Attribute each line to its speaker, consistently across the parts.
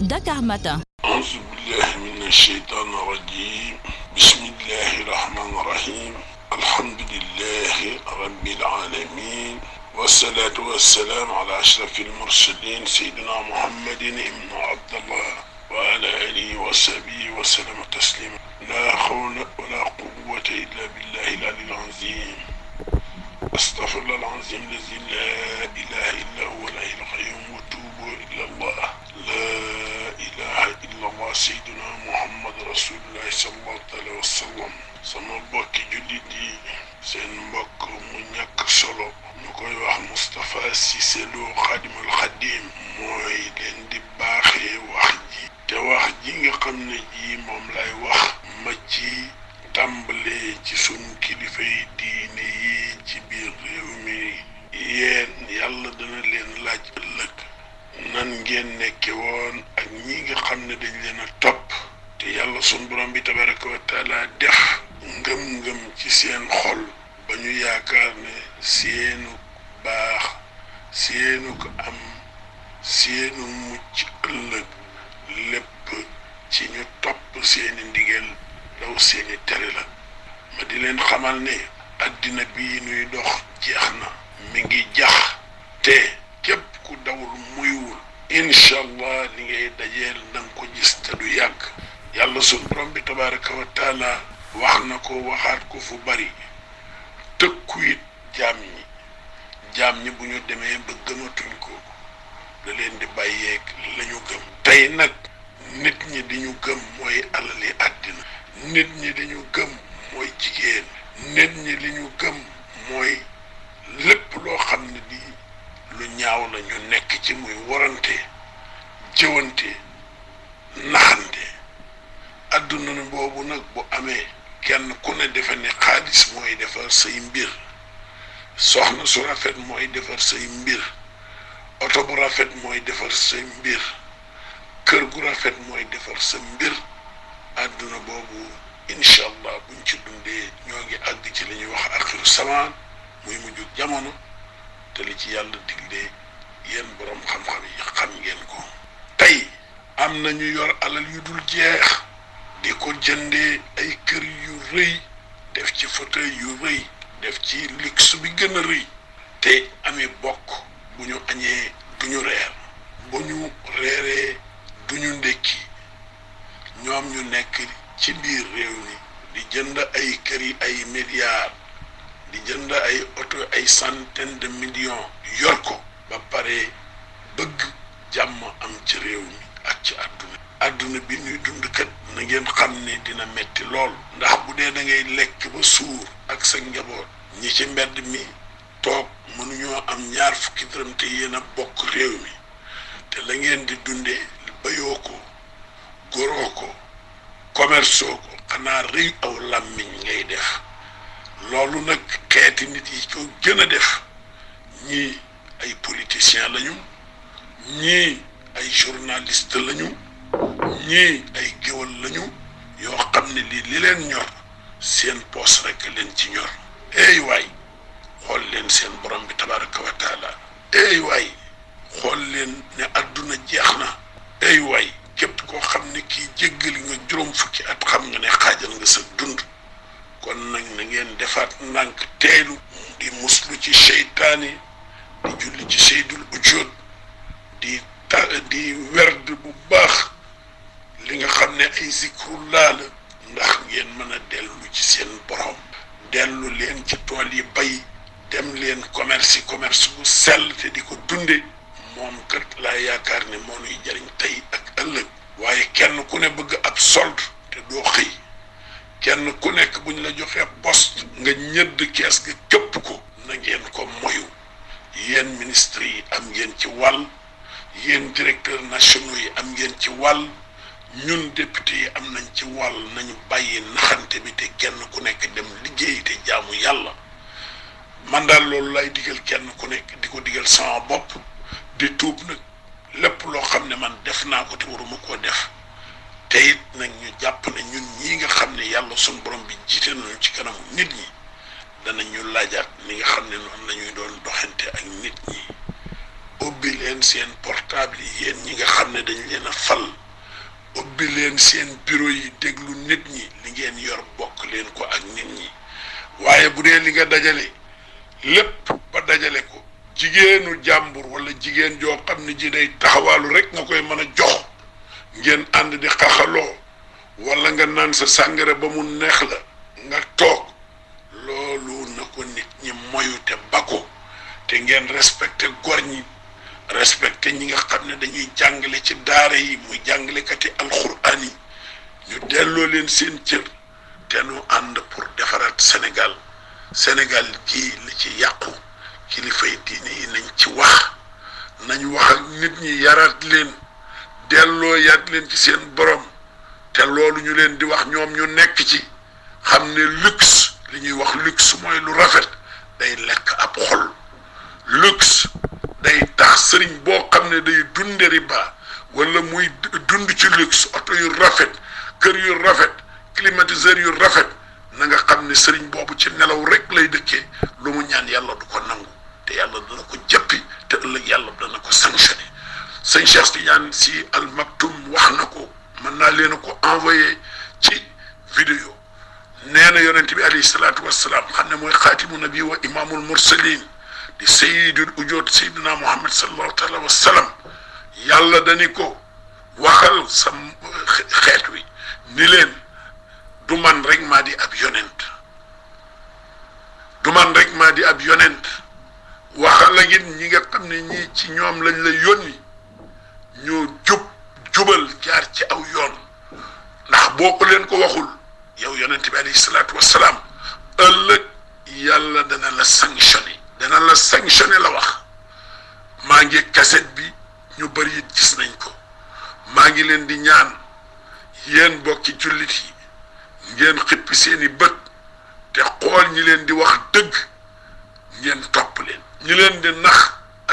Speaker 1: متى أعوذ بالله من الشيطان الرجيم بسم الله الرحمن الرحيم الحمد لله رب العالمين والصلاة والسلام على أشرف المرسلين سيدنا محمد بن عبد الله وعلى آله وصحبه وسلم تسليما لا حول ولا قوة إلا بالله العلي العظيم أستغفر الله العظيم الذي لا Cissé Lo xadimul xadim mooy leen di baaxee wax ji te wax ji nga xam ne ji moom lay wax ma ci tàmbalee ci suñ kilifa yi diine yi ci biir réew mi yéen yàlla dana leen laaj ëllëg nan ngeen nekke woon ak ñi nga xam ne dañ leen a topp te yàlla suñ borom bi tabaraka wa taala def ngëm-ngëm ci seen xol ba ñu yaakaar ne seenu baax seenu ko am seenu mucc ëllëg lépp ci ñu topp seeni ndigal law seeni tere la ma di leen xamal ne àddina bi nuy dox jeex na mi ngi jax te képp ku dawul muywul incha allah li ngay dajeel na ko gis te du yàgg yàlla suñ borom bi tabaraka wax na ko waxaat ko fu bari tëkku it jaam ñi jaam ñi bu ñu demee ba gëmatuñ ko da leen di bàyyeeg la gëm tey nag nit ñi di ñu gëm mooy alali àddina nit ñi di ñu gëm mooy jigéen nit ñi li ñu mooy lépp loo xam ne di lu ñaaw lañu nekk ci muy warante jëwante naxante adduna boobu nag bu amee kenn ku ne defe ne xaalis mooy defar say mbir soxna su rafet mooy defar say mbir oto bu rafet mooy defar say mbir kër gu rafet mooy defar sa mbir àdduna boobu incha buñ ci dundee ñoo ngi àgg ci li ñuy wax axiru samaan muy mujj jamono te li ci yàlla digle yéen boroom xam-xam yi xam ngeen ko tey am na ñu yor alal yu dul jeex di ko jëndee ay kër yu rëy def ci fauteuil yu rëy def ci luxe bi gën a rëy te amee bokk bu ñu añee du ñu reer bu ñu reeree du ñu ndekki ñoom ñu nekk ci biir réew mi di jënd ay kër yi ay milliard di jënd ay oto ay centaine de millions yor ko ba pare bëgg jàmm am ci réew mi ak ci àdduna àdduna bi ñuy dund kat na ngeen xam ne dina metti lool ndax bu dee da ngay lekk ba suur ak sa njaboot ñi ci mbedd mi toog mënuñoo am ñaar fukki dërëm te bokk réew mi te la ngeen di dunde bayoo ko goroo ko commerceoo ko xanaa rëy aw làmmiñ ngay def loolu nag xeeti nit yi ko gën a def ñii ay politiciens lañu ñii ay journaliste lañu ñii ay géwal lañu yoo xam ne lii li leen ñor seen poos rekk leen ci ñor eey waay xool leen seen borom bi tabaraka wa taala eey waay xool leen ne àdduna jeex na eey waay képp koo xam ne kii jéggali nga juróom fukki at xam nga ne xaajal nga sa dund kon nag na ngeen defaat ndànk teelu di muslu ci seytaane di julli ci seydul ujood di ta di werd bu baax li nga xam ne ay zikrullah la ndax ngeen mën a dellu ci seen borom dellu leen ci tool yi bay dem leen commerce commerce bu sell te di ko dundee moom kat laa yaakaar ni moo nuy jariñ tey ak ëllëg waaye kenn ku ne bëgg ab solde te doo kenn ku nekk buñ la joxee poste nga ñëdd kees ga képp ko na ngeen ko moyu yéen ministre yi am ngeen ci wàll yéen directeur nationaux yi am ngeen ci wàll ñun député yi am nañ ci wàll nañu bàyyi naxante bi te kenn ku nekk dem liggéey te jaamu yàlla man daal loolu lay digal kenn ku nekk di ko digal sama bopp di tuub nag lépp loo xam ne man def naa ko te waruma koo def te it nag ñu jàpp na ñun ñii nga xam ne yàlla suñ borom bi jiite nañu ci kanam nit ñi danañ ñu laajaat ni nga xam ne noonu la doon doxante ak nit ñi ubbi leen seen portable yi yéen ñi nga xam ne dañ leen a fal ubbi leen seen bureau yi déglu nit ñi li ngeen yor bokk leen ko ak nit ñi waaye bu dee li nga dajale lépp ba dajale ko jigéenu jàmbur wala jigéen joo xam ni ji day taxawaalu rek nga koy mën a jox ngeen ànd di xaxaloo wala nga naan sa sàngara ba mu neex la nga toog loolu na ko nit ñi moyu te bako te ngeen respecté gor ñi respecté ñi nga xam ne dañuy jàngale ci daara yi muy jàngalekati alxuraan yi ñu delloo leen seen cër te nu ànd pour defaraat Sénégal senegal gii li ci yàqu kilifay diine yi nañ ci wax nañu wax ak nit ñi yaraat leen delloo yaat leen ci seen borom te loolu ñu leen di wax ñoom ñu nekk ci xam ne luxe li ñuy wax luxe mooy lu rafet day lekk ab xol luxe. day tax sëriñ boo xam ne day dunde riba wala muy dund ci luxe oto yu rafet kër yu rafet climatiseur yu rafet na nga xam ne sëriñ boobu ci nelaw rek lay dëkkee lu mu ñaan yàlla du ko nangu te yàlla dana ko jëppi te ëllëg yàlla dana ko sanctionné sëñ Cheikh Tidiane si Al wax na ko mën naa leen a ko envoyé ci vidéo nee na yonent bi alayhi salaatu wassalaam xam ne mooy xaatimu nabi wa imaamul mursalin di sayyidul ujoot sayyidina muhammad sallallahu taala wa sallam yàlla dani ko waxal sa xeet wi ni leen du man rek maa di ab yonent rek maa di ab yonent waxal ak it ñi nga xam ne ñii ci ñoom lañ la yónni ñoo jub jubal jaar ci aw yoon ndax boo ko leen ko waxul yow yonent bi alayhi salaatu wassalaam ëllëg yàlla dana la sanctionné dana la sanctionné la wax maa ngi cassette bi ñu bëri it gis nañ ko maa ngi leen di ñaan yéen bokki jullit yi ngeen xippi seeni bët te xool ñi leen di wax dëgg ngeen topp leen ñi leen di nax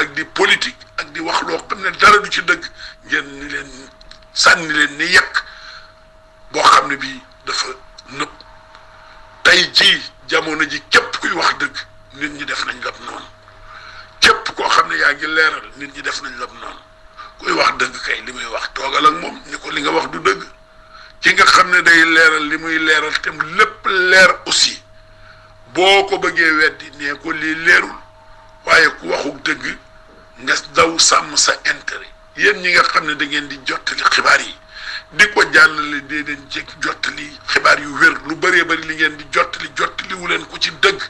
Speaker 1: ak di politique ak di wax loo xam ne dara du ci dëgg ngeen ni leen sànni leen ni yekk boo xam ne bii dafa nëb tey ci jamono ji képp kuy wax dëgg nit ñi def nañ lab noonu képp koo xam ne yaa ngi leeral nit ñi def nañ lab noonu kuy wax dëgg kay li muy wax toogal ak moom ni ko li nga wax du dëgg ki nga xam ne day leeral li muy leeral tam lépp leer aussi boo ko bëggee weddi nee ko lii leerul waaye ku waxuk dëgg nga daw sàmm sa intérêt yéen ñi nga xam ne da ngeen di jottali xibaar yi di ko jàllale dee leen jekk jottali xibaar yu wér lu bëree bëri li ngeen di jottali jottali leen ku ci dëgg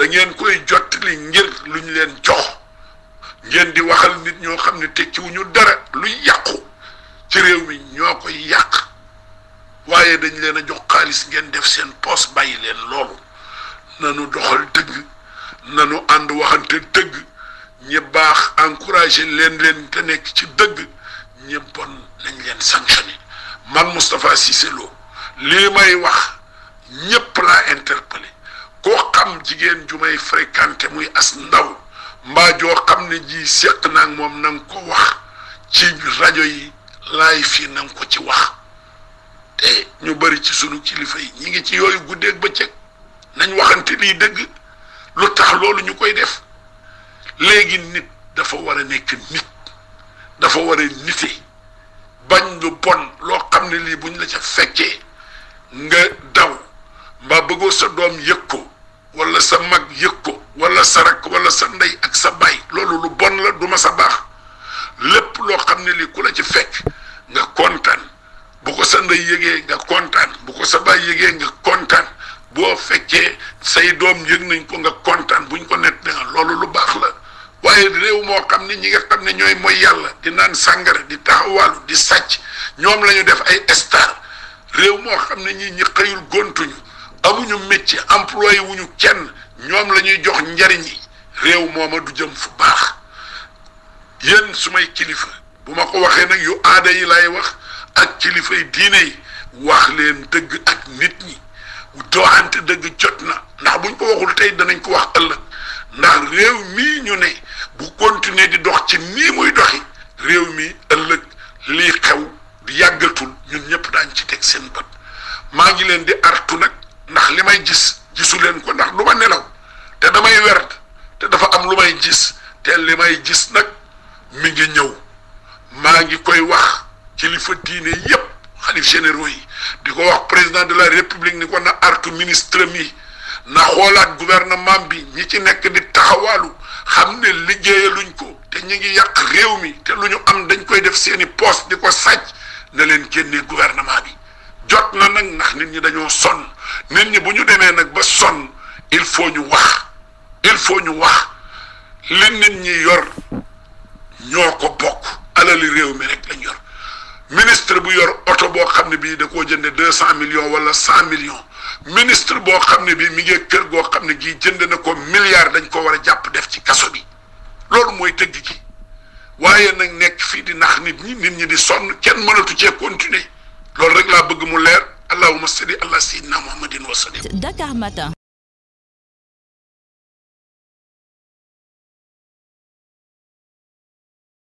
Speaker 1: da ngeen koy jottali ngir lu ñu leen jox ngeen di waxal nit ñoo xam ne tekkiwuñu dara lu yàqu ci réew mi ñoo koy yàq waaye dañ leen a jox xaalis ngeen def seen poos bàyyi leen loolu nanu doxal dëgg nanu ànd waxante dëgg ñi baax encouragé leen leen te nekk ci dëgg ñi bon nañ leen sanctionné man Moustapha Cissé li lii may wax ñépp laa interpellé koo xam jigéen ju may fréquenté muy as ndaw mbaa joo xam ne ji séq naa moom na nga ko wax ci rajo yi lay fii nang nga ko ci wax te ñu bari ci sunu kilifa yi ñi ngi ci yooyu guddeeg bëccëg nañ waxante lii dëgg lu tax loolu ñu koy def léegi nit dafa war a nekk nit dafa war a nite bañ lu bon loo xam ne lii buñ la ca fekkee nga daw ba bëggo sa doom yëg ko wala sa mag yëg ko wala sa rak wala sa ndey ak sa bay loolu lu bon la duma sa baax lépp loo xam ne lii ku la ci fekk nga kontaan bu ko sa ndey yëgee nga kontaan bu ko sa bay yëgee nga kontaan boo fekke say doom yëg nañ ko nga kontaan buñ ko net nga loolu lu baax la waaye réew moo xam ñi nga xam ne ñooy mooy di naan sàngara di taxawaalu di sàcc ñoom la ñu def ay star réew moo xam ne ñi ñi xëyul gontuñu amuñu métier employé wuñu kenn ñoom la ñuy jox njariñ yi réew mooma du jëm fu baax yéen su may kilifa bu ma ko waxee nag yu aada yi lay wax ak kilifa yi diine yi wax leen dëgg ak nit ñi doxante dëgg jot na ndax buñ ko waxul tey danañ ko wax ëllëg ndax réew mii ñu ne bu continuer di dox ci nii muy doxi réew mi ëllëg lii xew di yàggatul ñun ñëpp daañ ci teg seen bët maa ngi leen di artu nag ndax li may gis gisu leen ko ndax du ma nelaw te damay wer te dafa am lu may gis te li may gis nag mi ngi ñëw maa ngi koy wax kilifa diine yépp xalif généraux yi di ko wax président de la république ni ko na artu ministre mi na xoolaat gouvernement bi ñi ci nekk di taxawaalu xam ne liggéeyaluñ ko te ñu ngi yàq réew mi te lu ñu am dañ koy def seeni poste di ko sàcc na leen génnee gouvernement bi jot na nag ndax nit ñi dañoo sonn nit ñi bu ñu demee nag ba sonn il faut ñu wax il faut ñu wax li nit ñi yor ñoo ko bokk alali réew mi rek lañ yor ministre bu yor oto boo xam ne bii da koo jënde deux cent million wala cent millions ministre boo xam ne bii mi ngi kër goo xam ne gii jënd na ko milliard dañ ko war a jàpp def ci kaso bi loolu mooy tëgg gi waaye nag nekk fii di nax nit ñi nit ñi di sonn kenn mënatu cee continuer loolu rek laa bëgg mu leer allahumma salli ala sayyidina muhammadin wa sallim. Dakar Matin.